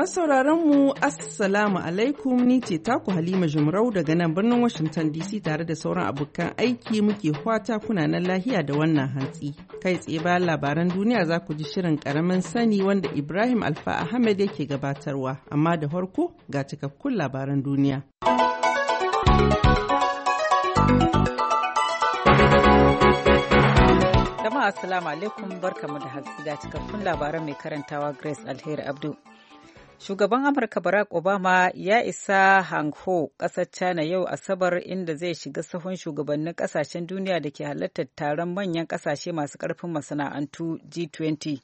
Masu sauraron mu Assalamu alaikum ni ce taku Halima Jumrau daga nan birnin Washington DC tare da sauran abokan aiki muke kwata kuna nan lahiya da wannan hantsi. Kai tsaye bayan labaran duniya za ku ji shirin karamin sani wanda Ibrahim Alfa Ahmed yake gabatarwa amma da farko ga cikakkun labaran duniya. Assalamu alaikum barkamu da hantsi ga cikakkun labaran mai karantawa Grace Alheri Abdul. Shugaban Amurka Barack Obama ya isa Hangho kasar China yau Asabar inda zai shiga sahun shugabannin kasashen duniya da ke halartar taron manyan kasashe masu karfin masana'antu G20.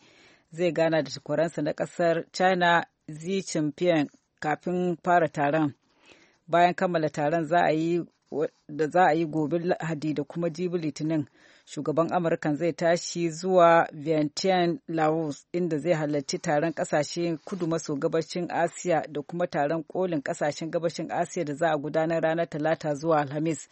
Zai gana da takwaransa na kasar China Xi Jinping kafin fara taron. Bayan kammala taron da za a yi gobe Lahadi da kuma jibi Litinin. shugaban amurkan zai tashi zuwa vientiane laos inda zai halarci taron kasashen kudu maso gabashin asiya da kuma taron kolin kasashen gabashin asiya da za a gudanar ranar talata zuwa alhamis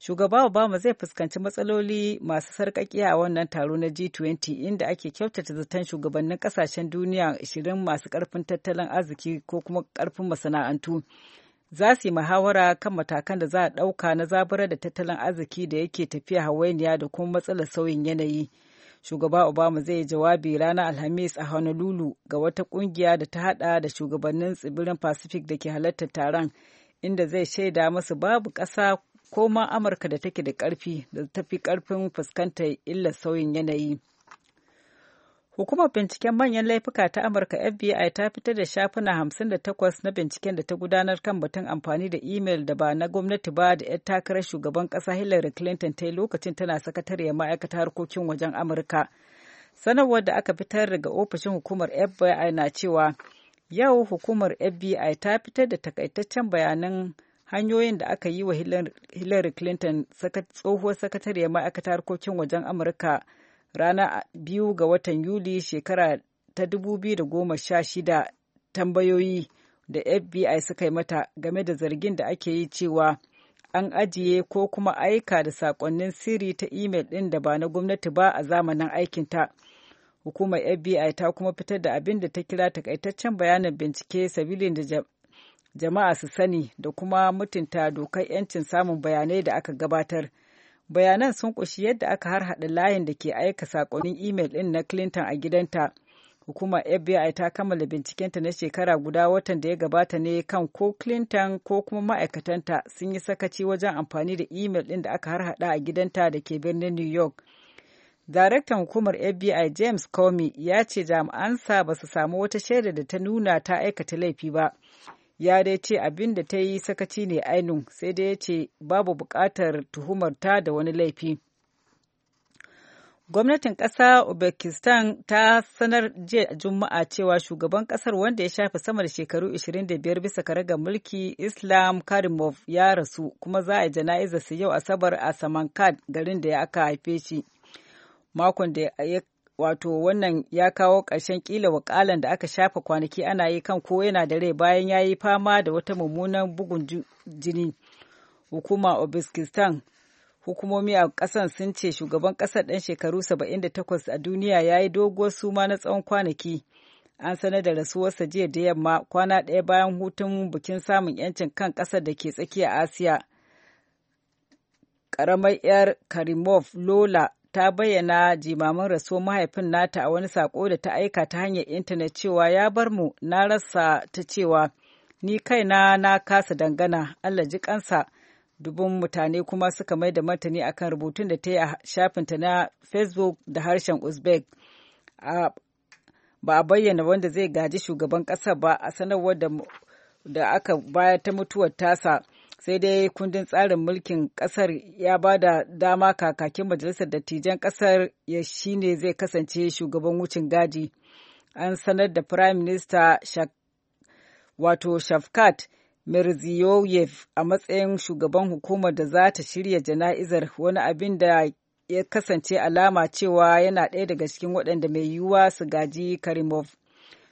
shugaba obama zai fuskanci matsaloli masu sarkakiya a wannan taro na g20 inda ake kyautata zaton shugabannin kasashen duniya 20 masu karfin tattalin arziki ko kuma karfin masana'antu za su yi muhawara kan matakan da za a ɗauka na zaburar da tattalin arziki da yake tafiya hawainiya da kuma matsalar sauyin yanayi. Shugaba Obama zai yi jawabi ranar Alhamis a Honolulu ga wata ƙungiya da ta haɗa da shugabannin tsibirin Pacific da ke halartar taron, inda zai shaida masu babu ƙasa ko ma Amurka da take da ƙarfi da ta fi ƙarfin fuskantar illar sauyin yanayi. Hukumar binciken manyan laifuka ta Amurka FBI ta fitar da shafuna 58 na binciken da ta gudanar kan batun amfani da imel da ba na gwamnati ba da 'yar takarar shugaban ƙasa Hillary Clinton ta yi lokacin tana sakatariyar ma'aikata harkokin wajen Amurka. Sanarwar da aka fitar daga ofishin hukumar FBI na cewa yau hukumar FBI ta fitar da takaitaccen bayanan hanyoyin da aka yi wa Hillary Clinton tsohuwar sakatariyar ma'aikata harkokin wajen Amurka. ranar biyu ga watan Yuli shekara ta 2016 tambayoyi da FBI suka yi mata game da zargin da ake yi cewa an ajiye ko kuma aika da saƙonnin sirri ta imel ɗin da ba na gwamnati ba a zamanin aikinta. Hukumar FBI ta kuma fitar da abin da ta kira takaitaccen bayanin bincike sabilin da jama'a su sani da kuma mutunta dokar 'yancin samun bayanai da aka gabatar. bayanan sun ƙunshi yadda aka harhaɗa layin da ke aika saƙonin imel ɗin na clinton a gidanta hukumar fbi ta kammala bincikenta na shekara guda watan da ya gabata ne kan ko clinton ko kuma ma'aikatanta sun yi sakaci wajen amfani da imel ɗin da aka harhaɗa a gidanta da ke birnin new york daraktan hukumar fbi james comey ya ce jami'ansa ba su samu wata shaida da ta nuna ta aikata laifi ba ya dai ce abin da ta yi sakaci ne ainun sai dai ya ce babu bukatar tuhumar ta da wani laifi gwamnatin ƙasa uzbekistan ta sanar jiya juma'a cewa shugaban ƙasar wanda ya shafe sama da shekaru 25 bisa ga mulki islam karimov ya rasu kuma za a su yau asabar a samankad garin da ya aka haife shi makon da ya wato wannan ya kawo ƙarshen kila wakalan da aka shafa kwanaki ana yi kan ko yana da rai bayan ya yi fama da wata mummunan bugun jini hukuma obiskistan hukumomi a ƙasan sun ce shugaban ƙasar ɗan shekaru 78 a duniya ya yi doguwar suma na tsawon kwanaki an sanar da rasuwarsa jiya da yamma kwana ɗaya bayan hutun bikin samun 'yancin kan ƙasar da ke tsakiya asiya karamar 'yar karimov lola ta bayyana jimamin rasuwar mahaifin nata a wani sako da ta aika ta hanyar intanet cewa ya bar mu na rasa ta cewa ni kaina na kasa dangana Allah ji kansa dubun mutane kuma suka mai da martani akan rubutun da ta yi a shafinta na facebook da harshen uzbek ba a bayyana wanda zai gaji shugaban ƙasar ba a sanarwar da aka bayar ta mutuwar tasa sai dai kundin tsarin mulkin kasar ya ba da dama kakakin majalisar dattijan kasar ya shine zai kasance shugaban wucin gadi an sanar da prime minister wato shafkat mirziyoyev a matsayin shugaban hukumar da za ta shirya jana'izar wani abin da ya kasance alama cewa yana ɗaya daga cikin waɗanda mai yiwuwa su gaji karimov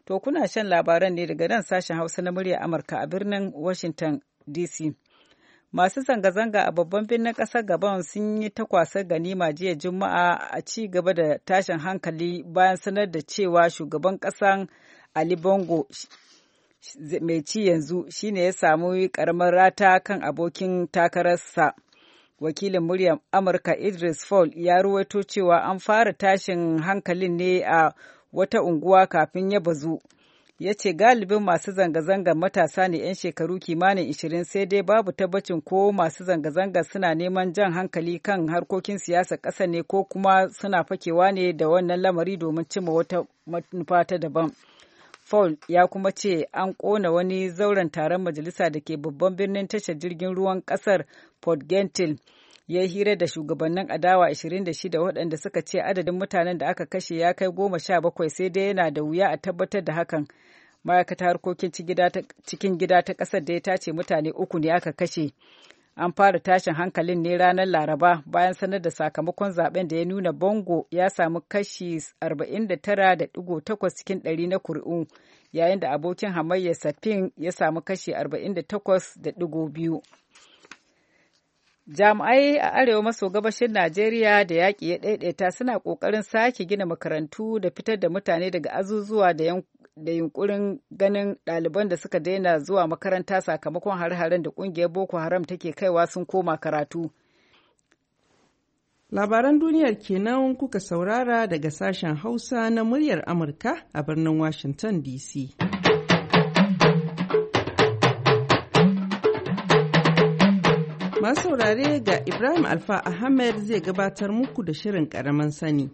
to kuna shan labaran ne daga nan sashen hausa na murya amurka a birnin washington dc Masu zanga-zanga a babban birnin ƙasar Gabon sun yi ta kwasar ganima jiya Juma'a a ci gaba da tashin hankali bayan sanar da cewa shugaban ƙasan Ali Bongo mai ci yanzu shine ya samu ƙaramar rata kan abokin takararsa. Wakilin muryar Amurka Idris Fall ya ruwaito cewa an fara tashin hankalin ne a wata unguwa kafin ya bazu. ya ce galibin masu zanga-zangar matasa ne 'yan shekaru kimanin 20 sai dai babu tabbacin ko masu zanga-zangar suna neman jan hankali kan harkokin siyasar ƙasa ne ko kuma suna fakewa ne da wannan lamari domin cimma wata manufa ta daban. Paul ya kuma ce an ƙona wani zauren taron majalisa da ke babban birnin tashar jirgin ruwan ƙasar Port Gentil. ya yi hira da shugabannin adawa 26 waɗanda suka ce adadin mutanen da aka kashe ya kai goma sha bakwai sai dai yana da wuya a tabbatar da hakan ma'aikata harkokin cikin gida ta ƙasar da ya tace mutane uku ne aka kashe an fara tashin hankalin ne ranar laraba bayan sanar da sakamakon zaben da ya nuna bongo ya samu kashi 49.8 cikin 100 na kuri'u yayin da abokin hamayya safin ya samu kashi 48.2 jami'ai a arewa maso gabashin najeriya da yaƙi ya ɗaiɗaita suna ƙoƙarin sake gina makarantu da fitar da mutane daga azuzuwa da yunƙurin ganin ɗaliban da suka daina zuwa makaranta sakamakon har haren da ƙungiyar boko haram take kaiwa sun koma karatu labaran duniyar kenan kuka saurara daga sashen hausa na muryar amurka a birnin washington dc Masu saurare ga Ibrahim Alfa Ahmed zai gabatar muku da shirin ƙaramin sani.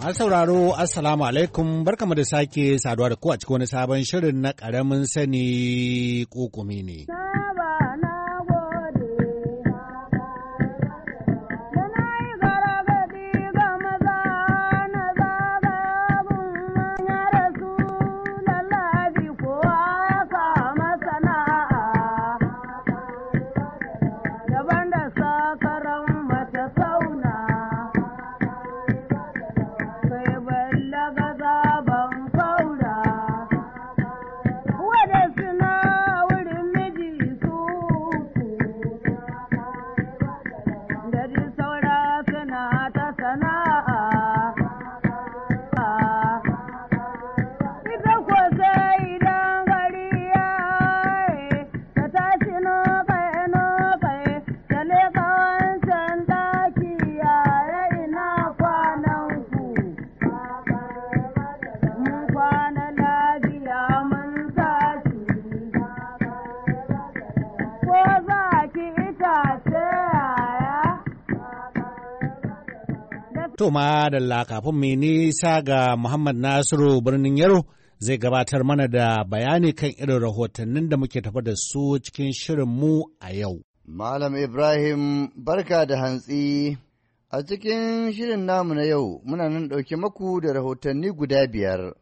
Masu sauraro Assalamu alaikum barkamu da sake saduwa da ku a cikin wani sabon shirin na ƙaramin sani kokumi ne. To madalla kafin mai nisa ga Muhammad Nasiru birnin Yaro zai gabatar mana da bayani kan irin rahotannin da muke tafa da su cikin shirin mu a yau. Malam Ibrahim barka da hantsi. A cikin shirin namu na yau muna nan ɗauke maku da rahotanni guda biyar.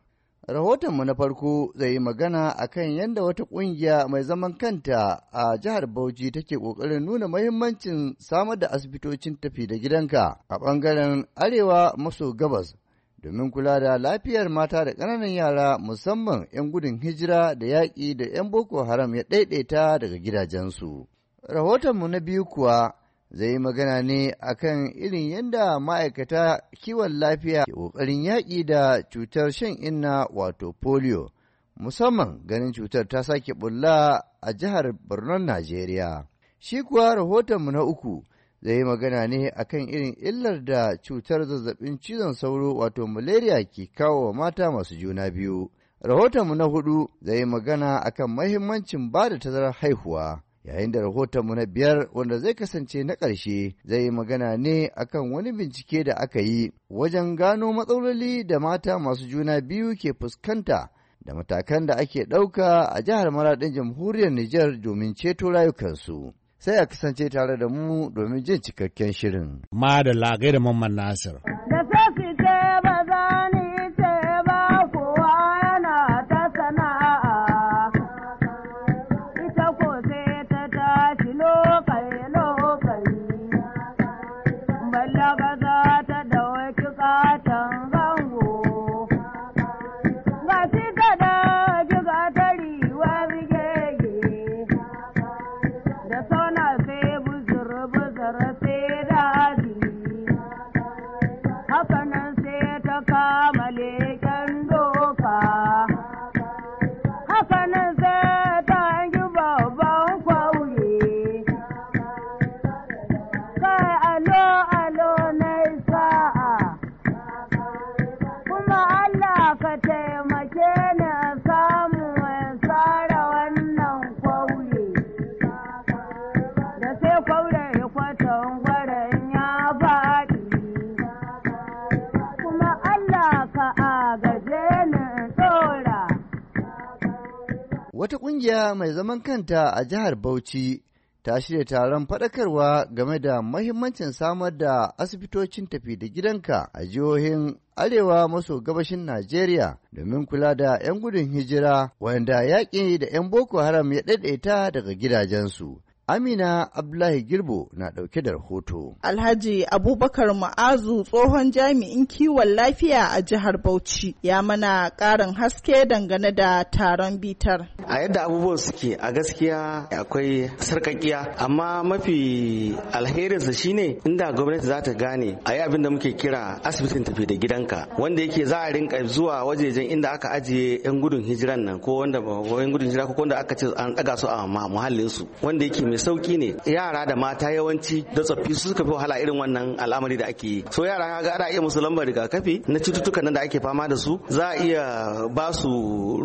Rahotonmu na farko zai yi magana a kan yadda wata ƙungiya mai zaman kanta a jihar Bauchi take ƙoƙarin nuna mahimmancin samar da asibitocin tafi da gidanka a ɓangaren arewa maso gabas domin kula da lafiyar mata da ƙananan yara musamman 'yan gudun hijira da yaƙi da 'yan boko haram ya ɗaiɗaita daga gidajensu. Rahotonmu na biyu kuwa zai yi magana ne akan irin yadda ma'aikata kiwon lafiya ke ƙoƙarin yaƙi da cutar shan inna wato polio musamman ganin cutar ta sake bulla a jihar Birnin Najeriya. Shi kuwa rahotonmu na uku zai yi magana ne akan irin illar da cutar zazzabin cizon sauro wato malaria ke kawo wa mata masu juna biyu. Rahotonmu na hudu zai yi magana akan mahimmancin ba da tazarar haihuwa. yayin da rahotonmu na biyar wanda zai kasance na ƙarshe zai yi magana ne akan wani bincike da aka yi wajen gano matsaloli da mata masu juna biyu ke fuskanta da matakan da ake ɗauka a jihar maraɗin jamhuriyar Nijar domin ceto rayukansu. Sai a kasance tare da mu domin jin cikakken shirin. Ma da lagai da Mamman Nasir. Da Wata ƙungiya mai zaman kanta a jihar Bauchi ta shirya taron faɗakarwa game da mahimmancin samar da asibitocin tafi da gidanka a jihohin arewa maso gabashin Najeriya domin kula da 'yan gudun hijira wanda yaƙi da 'yan Boko Haram ya ɗaiɗaita daga gidajensu. Amina Abdullahi Girbo na ɗauke da rahoto. Alhaji Abubakar Ma'azu tsohon jami'in kiwon lafiya a jihar Bauchi ya mana ƙarin haske dangane da taron bitar. A yadda abubuwan suke a gaskiya akwai sarkakiya amma mafi alherinsa shine inda gwamnati za ta gane a yi abin da muke kira asibitin tafi da gidanka wanda yake za a rinka zuwa wajejen inda aka ajiye 'yan gudun hijiran nan ko wanda ba gudun hijira ko wanda aka ce an ɗaga su a muhallinsu wanda yake mai mai sauki ne yara da mata yawanci da tsoffi su suka fi wahala irin wannan al'amari da ake yi so yara ga ana iya musu lambar rigakafi na cututtukan nan da ake fama da su za a iya ba su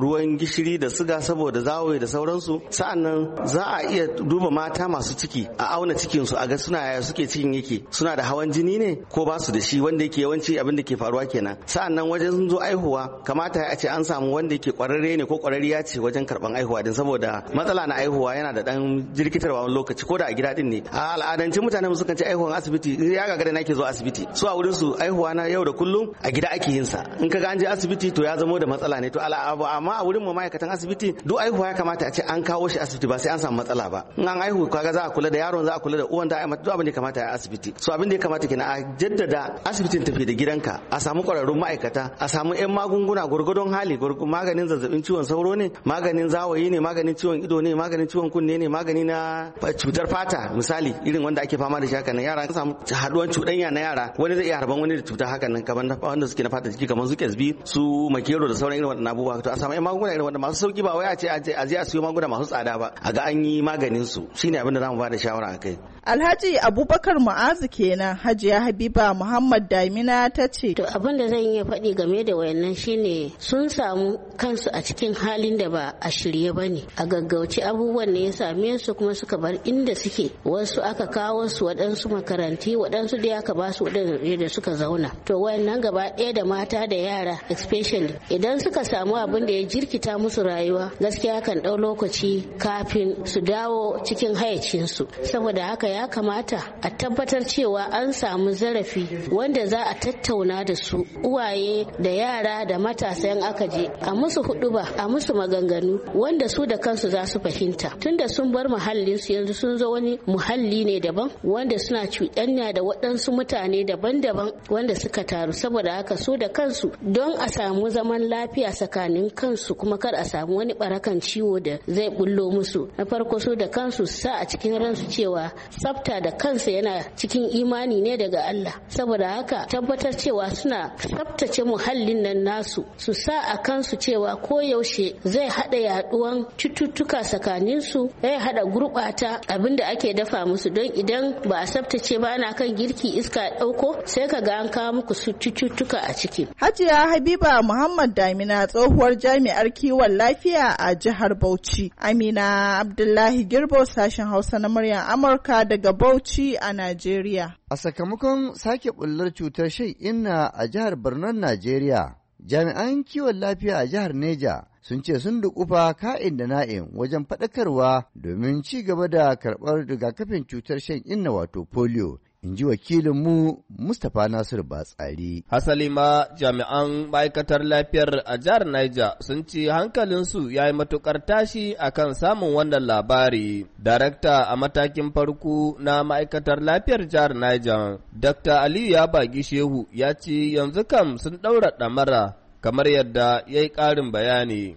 ruwan gishiri da suga saboda zawaye da sauransu sa'annan za a iya duba mata masu ciki a auna cikin su a ga suna yaya suke cikin yake suna da hawan jini ne ko ba su da shi wanda yake yawanci abin da ke faruwa kenan sa'annan wajen sun zo aihuwa kamata a ce an samu wanda yake kwararre ne ko kwararriya ce wajen karban aihuwa din saboda matsala na aihuwa yana da dan jirkitarwa tsawon lokaci ko da a gida din ne a al'adance mutane mu sukan aihuwan asibiti ya gagara ke zuwa asibiti so a wurin su aihuwa na yau da kullum a gida ake yin sa in ga an je asibiti to ya zamo da matsala ne to amma a wurin mu ma'aikatan asibiti duk aihuwa ya kamata a ce an kawo shi asibiti ba sai an samu matsala ba in an aihu kaga za a kula da yaron za a kula da uwan da mata duk abin da ya kamata a asibiti so abin da ya kamata kenan a jaddada asibitin tafi da gidanka a samu kwararrun ma'aikata a samu yan magunguna gurgudun hali maganin zazzabin ciwon sauro ne maganin zawayi ne maganin ciwon ido ne maganin ciwon kunne ne magani na cutar fata misali irin wanda ake fama da shi haka nan yara sun samu haduwan cuɗanya na yara wani zai iya harban wani da cuta haka nan kamar wanda suke na fata jiki kamar su kesbi su makero da sauran irin waɗannan abubuwa to a samu magunguna irin wanda masu sauki ba wai a ce a je a siyo magunguna masu tsada ba a ga an yi maganin su shine abin da zamu ba da shawara akai Alhaji Abubakar Mu'azu kenan Hajiya Habiba Muhammad Damina ta ce. To abin da zan iya faɗi game da wayannan shine sun samu kansu a cikin halin da ba a shirye ba ne. A gaggauci abubuwan ne ya same su kuma suka bar inda suke. Wasu aka kawo su waɗansu makaranti waɗansu da aka ba su da suka zauna. To wayannan gaba ɗaya da mata da yara especially idan suka samu abin da ya jirkita musu rayuwa gaskiya kan ɗau lokaci kafin su dawo cikin hayacinsu. Saboda haka ya kamata a tabbatar cewa an samu zarafi wanda za a tattauna da su uwaye da yara da matasa yan aka je a musu huɗuba a musu maganganu wanda su da kansu za su fahimta tunda sun bar muhallin su yanzu sun zo wani muhalli ne daban wanda suna cuɗanya da waɗansu mutane daban-daban wanda suka taru saboda haka su da kansu don a samu zaman lafiya tsakanin kansu kuma kar a samu wani barakan ciwo da zai bullo musu na farko su da kansu sa a cikin ransu cewa tsafta da kansa yana cikin imani ne daga Allah saboda haka tabbatar cewa suna tsaftace muhallin nan nasu su sa a kansu cewa ko yaushe zai hada yaduwan cututtuka tsakanin su zai hada gurbata abin da ake dafa musu don idan ba a tsaftace ba ana kan girki iska dauko sai ka ga an kawo muku su cututtuka a ciki Hajiya Habiba Muhammad Damina tsohuwar jami'ar kiwon lafiya a jihar Bauchi Amina Abdullahi Girbo sashen Hausa na muryar Amurka da daga Bauchi a Najeriya. A sakamakon sake bullar cutar shan inna a jihar birnin Najeriya, jami'an kiwon lafiya a jihar Neja sun ce sun dukufa ka'in da na'in wajen faɗakarwa domin ci gaba da karɓar rigakafin cutar shan inna wato polio in ji wakilinmu Mustapha Nasir Batsari. Hasali ma jami'an ma'aikatar lafiyar a jihar Niger sun ce hankalinsu ya yi matukar tashi a kan samun wannan labari. Darakta a matakin farko na ma'aikatar lafiyar jihar Niger, Dr. Aliyu ya bagi Shehu ya ce yanzu kam sun ɗaura ɗamara kamar yadda ya yi ƙarin bayani.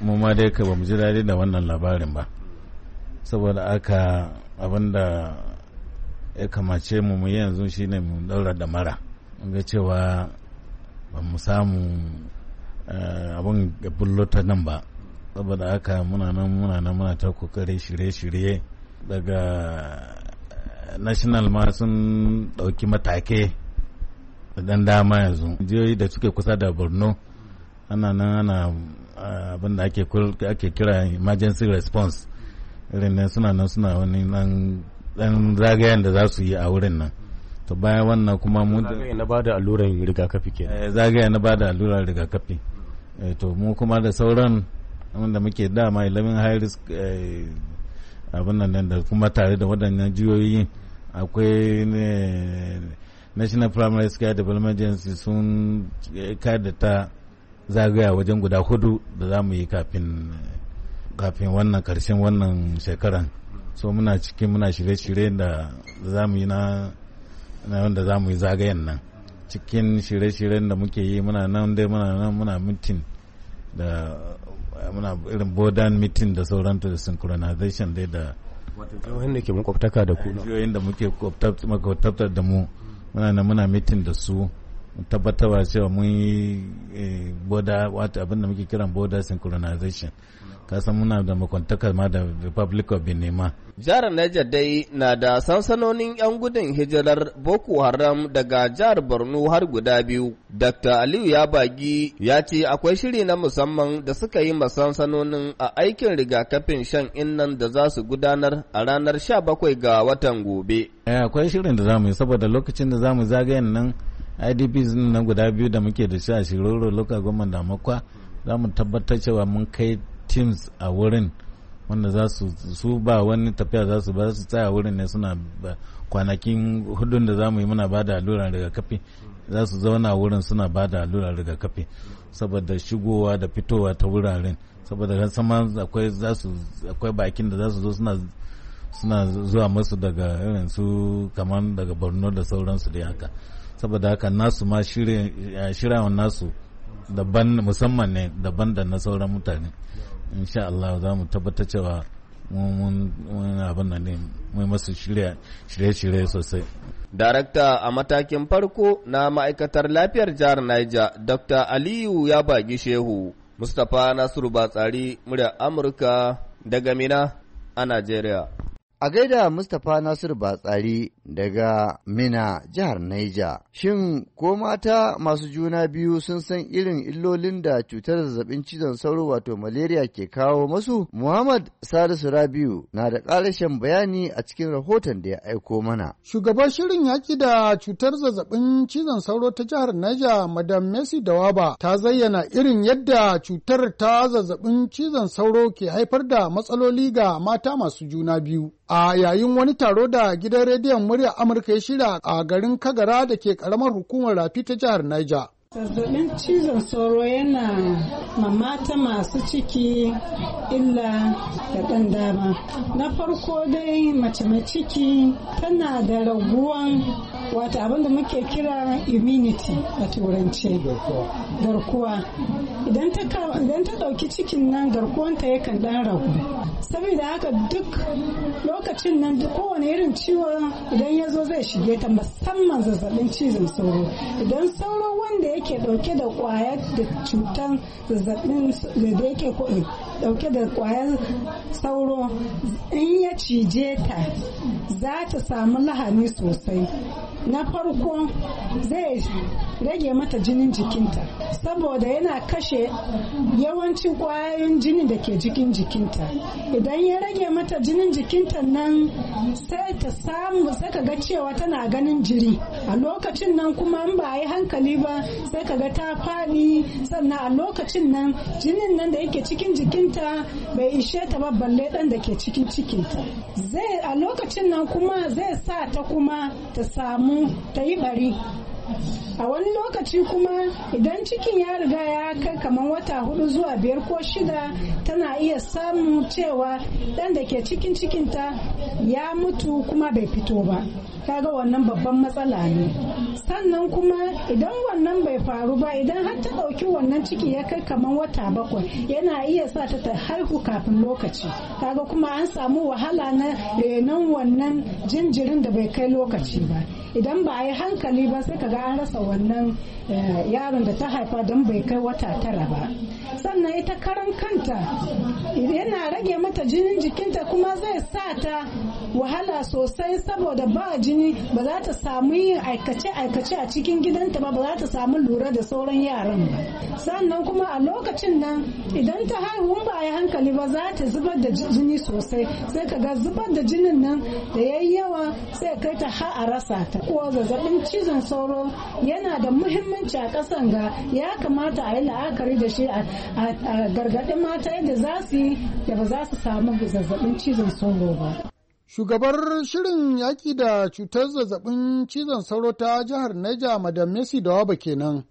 Mu ma dai ka ji daɗi da wannan labarin ba. Saboda aka abinda ya kamace mu mu yanzu shine mu daura da mara ga cewa ba mu samu eh, abin bullo ta nan ba saboda haka muna nan muna nan muna ta kokari shirye-shirye daga eh, national ma sun dauki matake da dan dama yanzu jiyoyi da suke kusa da borno ana nan ana eh, abin da ake kira emergency response irin nan suna nan suna wani nan dan zagayen da za su yi a wurin nan to bayan wannan kuma mu zagaye na da alluran rigakafi kenan zagaye na ba da alluran rigakafi eh, eh, to mu kuma da sauran wanda muke dama ilimin high risk eh, abin nan da kuma tare da waɗannan jihohi akwai ne national primary care development agency sun kada ta zagaya wajen guda hudu da za mu yi kafin wannan karshen wannan shekaran so muna cikin muna shirye-shirye da za mu yi na wanda za mu yi zagayen nan cikin shirye-shiryen da muke yi muna nan dai muna nan muna mitin da muna irin bodan mitin da to da synchronization dai da wato jihohin da ke makwabtaka da ku jihohin da muke makwabtar da mu muna nan muna mitin da su tabbatarwa cewa mun yi eh, boda wata abinda muke kiran boda synchronization kasan muna da makwantakar ma da republic of benin ma jihar niger dai na da sansanonin yan gudun hijirar boko haram daga jihar borno har guda biyu dr aliyu ya bagi ya ce akwai shiri na musamman da suka yi masansanonin a aikin rigakafin shan innan da za su gudanar a ranar 17 ga watan gobe eh, akwai shirin da za mu yi saboda lokacin da za mu zagayen nan idps na guda biyu da muke da shi a shiroro loka goma da makwa za mu tabbatar cewa mun kai teams a wurin wanda za su su ba wani tafiya za su ba su tsaya wurin ne suna kwanakin hudun da za mu yi muna ba da alluran rigakafi za su zauna wurin suna ba da alluran rigakafi saboda shigowa da fitowa ta wuraren saboda sama akwai za su akwai bakin da za su zo suna suna zuwa masu daga irin su kamar daga borno da sauransu da haka saboda haka nasu ma shirayen nasu daban musamman ne daban da na sauran mutane insha Allah za mu tabbatar cewa mun abin nan ne mai masu shirye-shirye sosai. Darakta a matakin farko na ma'aikatar lafiyar jihar Niger, Dr. Aliyu ya bagi shehu, Mustapha Nasiru Batsari, murya Amurka daga Mina a Najeriya. A gaida Mustapha Nasiru Batsari daga Mina, jihar Naija. Shin ko mata masu juna biyu sun san irin illolin da cutar zazzabin cizon sauro wato malaria ke kawo masu? Muhammad Salisu Rabiu na da ƙarashin bayani a cikin rahoton da ya aiko mana. Shugaban shirin yaƙi da cutar zazzabin cizon sauro ta jihar Naija, Madam Messi Dawaba ta zayyana irin yadda cutar ta zazzabin cizon sauro ke haifar da matsaloli ga mata masu juna biyu. a yayin wani taro da gidan rediyon muryar amurka ya shirya a garin kagara da ke karamar hukumar rafi ta jihar niger zazzabin cizon sauro yana mamata masu ciki illa da ɗan dama na farko dai mace mai ciki tana da raguwan wata abin da muke kira immunity a turanci garkuwa idan ta ɗauki cikin nan garkuwan ta yakan ɗan ragu saboda haka duk lokacin nan kowane irin ciwo idan ya zo zai shige ta musamman zazzabin cizon sauro idan sauro wanda yake ɗauke da kwayar da cutan zazzabin da yake dauke da kwayar sauro in ya cije ta za ta samu lahani sosai na farko zai rage mata jinin jikinta saboda yana kashe yawancin kwayoyin jini da ke jikin jikinta idan ya rage mata jinin jikinta nan sai ta samu sai ka ga cewa tana ganin jiri a lokacin nan kuma in ba a yi hankali ba sai ka ga ta faɗi sannan a lokacin nan jinin nan da yake cikin jikin kudinta bai ishe ta ba balle dan da ke cikin cikinta zai a lokacin nan kuma zai sa ta kuma ta samu ta yi bari a wani lokaci kuma idan cikin ya riga ya kai kamar wata hudu zuwa biyar ko shida tana iya samun cewa ɗan da ke cikin cikinta ya mutu kuma bai fito ba kaga wannan babban matsala ne sannan kuma idan wannan bai faru ba idan har ta ɗauki wannan ciki ya kai kamar wata bakwai yana iya sa ta ta haihu kafin lokaci kaga kuma an samu wahala na renon wannan jinjirin da bai kai lokaci ba idan ba a yi hankali ba sai kaga an rasa wannan eh, yaron da ta haifa don bai kai wata tara ba sannan ita karan kanta yana rage mata jinin jikinta kuma zai sa ta wahala sosai saboda ba jini jini ba za ta samu yin aikace-aikace a cikin gidanta ba ba za ta samu lura da sauran yaran ba sannan kuma a lokacin nan idan ta haihu ba a yi hankali ba za ta zubar da jini sosai sai ka ga zubar da jinin nan da yayi yawa sai kai ta har a rasa ta ko zazzabin cizon sauro yana da muhimmanci a kasan ga ya kamata a yi la'akari da shi a gargaɗin mata yadda za su yi da ba za su samu zazzabin cizon sauro ba Shugabar shirin yaƙi da cutar zazzabin cizon sauro ta jihar Neja Madam Messi da waba kenan.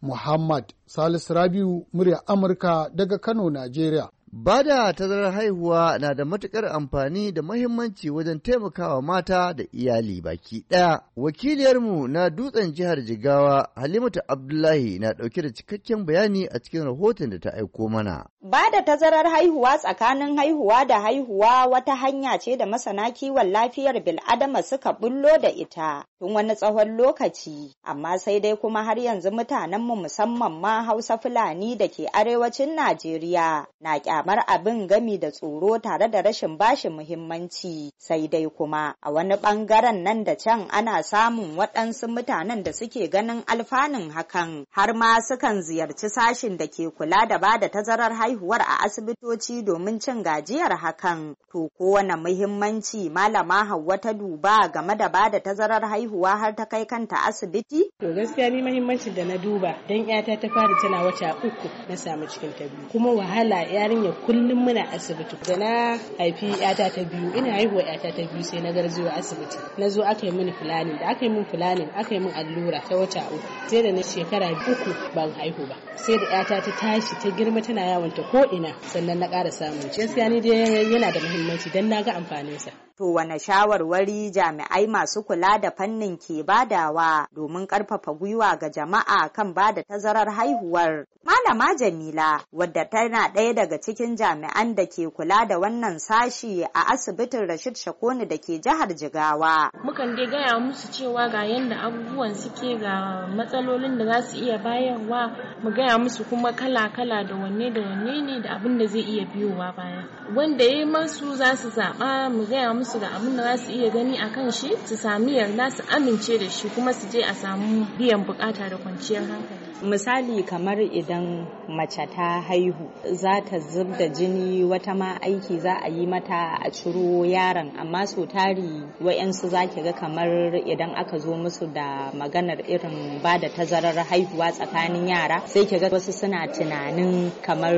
Muhammad Salisu Rabiu, murya Amurka daga Kano, Najeriya. Ba da tazarar haihuwa na da matuƙar amfani da mahimmanci wajen taimakawa mata da iyali baki ɗaya. Wakiliyarmu na dutsen jihar Jigawa Halimatu Abdullahi na ɗauke da cikakken bayani a cikin rahoton da ta aiko mana. Ba da tazarar haihuwa tsakanin haihuwa da haihuwa wata hanya ce da masana kiwon lafiyar bil'adama suka bullo da ita tun wani tsawon lokaci, amma sai dai kuma har yanzu mutanenmu musamman ma Hausa Fulani da ke arewacin Najeriya na kamar abin gami da tsoro tare da rashin bashi muhimmanci sai dai kuma a wani bangaren nan da can ana samun waɗansu mutanen da suke ganin alfanun hakan har ma sukan ziyarci sashin da ke kula da ba da tazarar haihuwar a asibitoci domin cin gajiyar hakan to kowane muhimmanci malama hauwa ta duba game da ba da tazarar haihuwa har ta kai kanta asibiti to gaskiya ni muhimmancin da na duba dan yata ta fara tana wata uku na samu cikin ta biyu kuma wahala yarinya saboda kullum muna asibiti da na haifi yata ta biyu ina haihuwa yata ta biyu sai na garzewa asibiti na zo aka yi mini fulanin da aka yi min fulanin aka yi min allura ta wata uku sai da na shekara uku ban haihu ba sai da yata ta tashi ta girma tana yawon ta ko ina sannan na ƙara samun gaskiya ni dai yana da muhimmanci don na ga amfaninsa. to wane shawarwari jami'ai masu kula da fannin ke badawa domin karfafa gwiwa ga jama'a kan ba da tazarar haihuwar. Malama Jamila wadda tana ɗaya daga cikin jami'an da ke kula da wannan sashi a asibitin Rashid Shakoni da ke jihar Jigawa. Mukan dai gaya musu cewa ga yadda abubuwan suke ga matsalolin da za su iya bayarwa mu gaya musu kuma kala-kala da wanne da wanne ne da abin da zai iya biyowa baya. Wanda ya yi masu za su zaɓa mu gaya musu su da abin da za su iya gani a kan shi su sami yarda su amince da shi kuma su je a samu biyan bukata da kwanciyar hankali misali kamar idan mace ta haihu za ta zub jini wata ma aiki za a yi mata a ciro yaron amma so tari wa'yansu za ki ga kamar idan aka zo musu da maganar irin ba da tazarar haihuwa tsakanin yara sai ki ga wasu suna tunanin kamar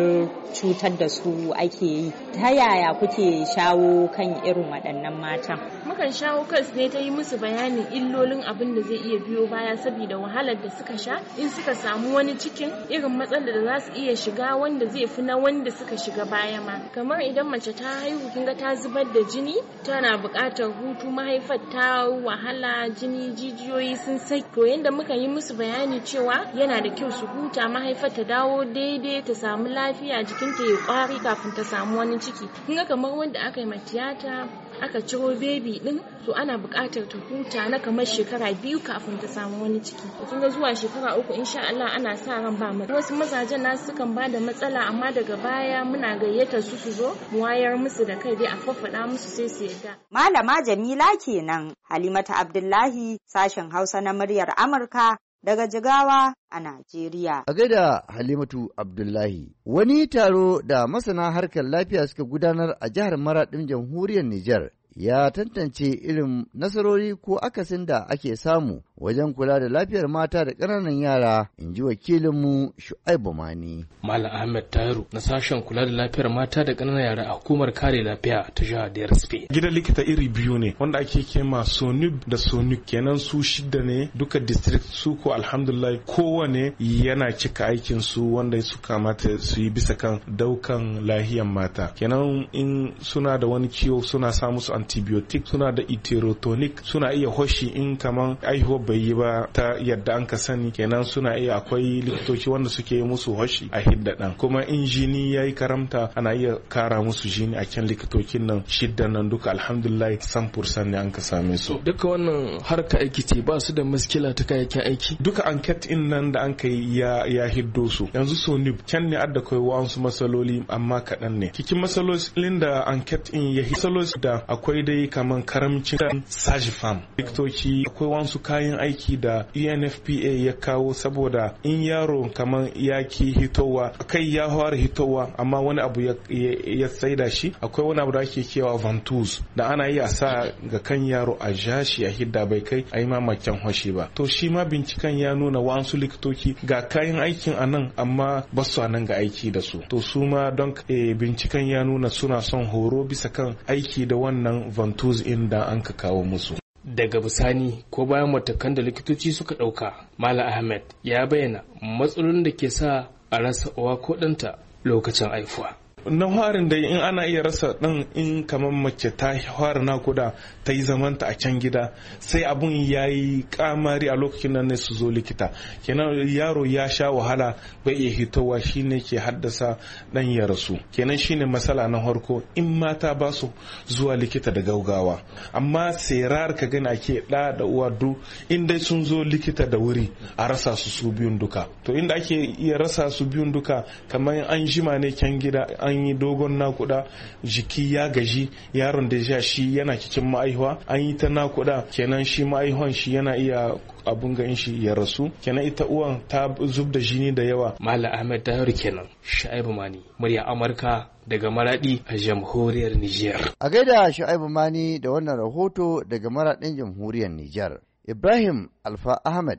cutar da su ake yi ta yaya kuke shawo kan irin waɗannan wa'annan matan mukan shawo kas ne ta yi musu bayanin illolin abin da zai iya biyo baya saboda wahalar da suka sha in suka samu wani cikin irin matsalar da za su iya shiga wanda zai fi na wanda suka shiga baya ma kamar idan mace ta haihu kin ga ta zubar da jini tana buƙatar hutu mahaifar ta wahala jini jijiyoyi sun sai to yanda muka yi musu bayani cewa yana da kyau su huta mahaifar ta dawo daidai ta samu lafiya jikinta ya kwari kafin ta samu wani ciki kin ga kamar wanda aka yi ma tiyata aka ciro bebi din to ana buƙatar ta huta na kamar shekara biyu kafin ta samu wani ciki kun ga zuwa shekara uku insha Allah ana sa ran ba mu wasu mazajen na sukan ba da matsala amma daga baya muna gayyata su su zo mu wayar musu da kai dai a fafada musu sai su yarda malama Jamila kenan Halimata Abdullahi sashen Hausa na muryar Amurka daga Jigawa a Najeriya. A gaida Halimatu Abdullahi, wani taro da masana harkar lafiya suka gudanar a jihar Maraɗin jamhuriyar Nijar ya tantance irin nasarori ko akasin da ake samu wajen kula da lafiyar mata da ƙananan yara in ji wakilinmu shu'aibu mani malam ahmed tahiru na sashen kula da lafiyar mata da ƙananan yara a hukumar kare lafiya ta jihar drsp gidan likita iri biyu ne wanda ake kema sonib da sonib kenan su shida ne duka district su ko alhamdulillah kowane yana cika aikin su wanda su kamata su yi bisa kan daukan lahiyan mata kenan in suna da wani ciwo suna sa musu antibiotic suna da iterotonic suna iya hoshi in kaman aihuwar bai yi ba ta yadda an ka sani kenan suna iya akwai likitoci wanda suke yi musu hoshi a hidda ɗan kuma in jini ya yi karamta ana iya kara musu jini a kan likitocin nan shidda nan duka alhamdulillah san fursan ne an ka same su duka wannan harka aiki ce ba su da maskila ta kayayyakin aiki duka anket in nan da an kai ya ya hiddo su yanzu so ni can ne adda kai masaloli amma kaɗan ne cikin masalolin da anket in ya hiddo da akwai dai kaman karamcin sajifam likitoci akwai wasu kayan yin aiki da UNFPA e ya kawo saboda in yaro kamar ya ki hitowa kai ya fara hitowa amma wani abu ya saida shi akwai wani abu da ake kewa vantus da ana iya sa ga kan yaro a ja shi a hidda bai kai a yi mamakin hoshi ba to shi ma binciken ya nuna wasu likitoci ga kayan aikin a nan amma ba su nan ga aiki da su to su ma don eh, binciken ya nuna suna son horo bisa kan aiki da wannan vantus in da an ka kawo musu daga bisani ko bayan matakan da likitoci suka ɗauka mala ahmed ya bayyana matsalolin da ke sa a rasa uwa ko ɗanta lokacin haifuwa na harin da in ana iya rasa ɗan in kamar mace ta fara kuda ta yi zamanta a can gida sai abun ya yi kamari a lokacin nan ne su zo likita kenan yaro ya sha wahala bai iya hitowa shine ke haddasa ɗan ya rasu kenan shine matsala na harko in mata ba su zuwa likita da gaugawa amma serar ka gani ake ɗa da uwa du in dai sun zo likita da wuri a rasa su su biyun duka to inda ake iya rasa su biyun duka kamar an jima ne can gida an yi dogon nakuda jiki ya gaji yaron da ja shi yana cikin ma'aihuwa an yi ta nakuda kenan shi ma'aihuwan shi yana iya abun ga shi ya rasu kenan ita uwan ta zub da jini da yawa mala ahmed yi kenan sha'ibu mani murya amurka daga maradi a jamhuriyar niger a gaida sha'ibu mani da wannan rahoto daga maradin jamhuriyar niger ibrahim alfa ahmed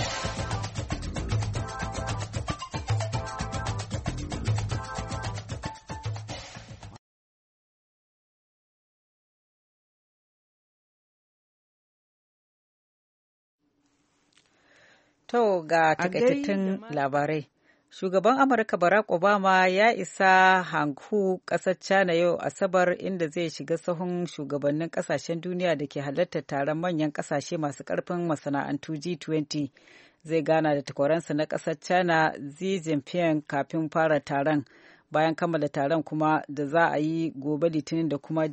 To ga takaitattun labarai. Shugaban Amurka Barack Obama ya isa Hanku ƙasar China yau Asabar inda zai shiga sahun shugabannin ƙasashen duniya da ke halartar taron manyan ƙasashe masu karfin masana'antu G20. Zai gana da takwaransa na ƙasar China Xi Jinping kafin fara taron. bayan kammala taron kuma da za a yi gobe litinin da kuma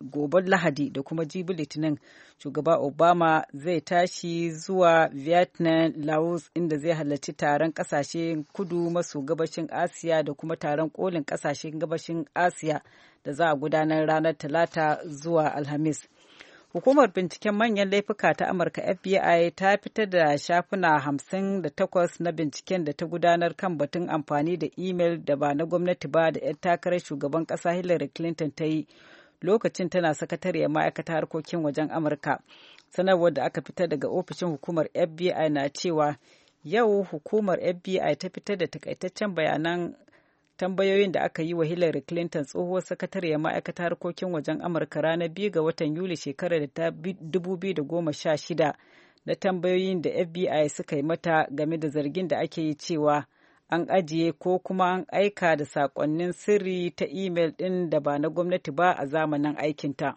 gobe lahadi da kuma jibi litinin shugaba obama zai tashi zuwa vietnam laos inda zai halarci taron kasashen kudu maso gabashin asiya da kuma taron kolin kasashen gabashin asiya da za a gudanar ranar talata zuwa alhamis Hukumar binciken manyan laifuka ta Amurka FBI ta fitar da shafuna hamsin da 58 na binciken da ta gudanar kan batun amfani da imel da ba na gwamnati ba da 'yan takarar shugaban ƙasa Hillary Clinton ta yi lokacin tana sakatariyar ma'aikata harkokin wajen Amurka. Sanarwar da aka fitar daga ofishin hukumar FBI na cewa yau hukumar FBI ta fitar da takaitaccen bayanan tambayoyin da aka yi wa Hillary Clinton tsohuwar sakatariyar ma'aikatar harkokin wajen Amurka ranar biyu ga watan Yuli shekarar da ta 2016 na tambayoyin da FBI suka yi mata game da zargin da ake yi cewa an ajiye ko kuma an aika da saƙonnin sirri ta imel ɗin da ba na gwamnati ba a zamanin aikinta.